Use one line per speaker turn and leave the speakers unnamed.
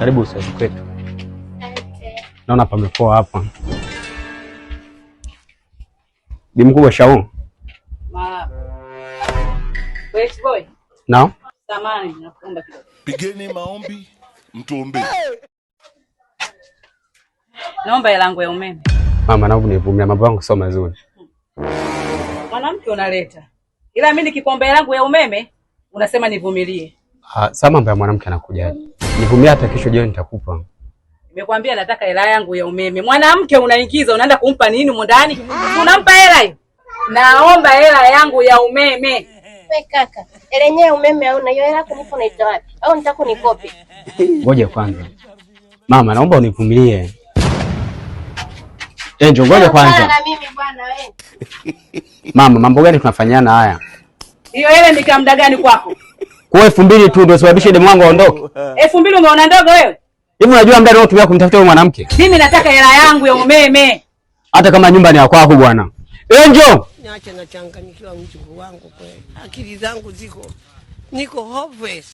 Karibu usai kwetu. Naona pamepoa hapa. Bi mkubwa Shao. Nao?
kidogo. Pigeni maombi mtuombe. Naomba hela yangu ya umeme.
Mama, naomba nivumilie, mambo yangu sio mazuri.
Mwanamke unaleta. Ila mimi nikikomba hela yangu ya umeme unasema nivumilie.
Ah, sasa mambo ya mwanamke anakujaje? Nivumia hata kesho jioni nitakupa.
Nimekwambia nataka hela yangu ya umeme. Mwanamke unaingiza unaenda kumpa nini mo ndani? Unampa hela hiyo? Naomba hela yangu ya umeme.
We kaka, hela yenyewe umeme na Hiyo hela kunipo naitoa wapi? Au nitaku nikopi?
Ngoja kwanza. Mama, naomba univumilie. enjo ngoja kwanza. Na
mimi bwana wewe.
Mama, mambo gani tunafanyana haya?
Hiyo hela ni mda gani kwako?
Kwa elfu mbili tu ndio sababisha demu wangu aondoke.
elfu mbili umeona ndogo wewe?
Hivi unajua muda unaotumia kumtafuta huyo mwanamke?
Mimi nataka hela yangu ya umeme.
Hata kama nyumba ni ya kwako bwana. Enjo.
Niache nachanganyikiwa mchungu wangu kweli. Akili zangu ziko. Niko hopeless.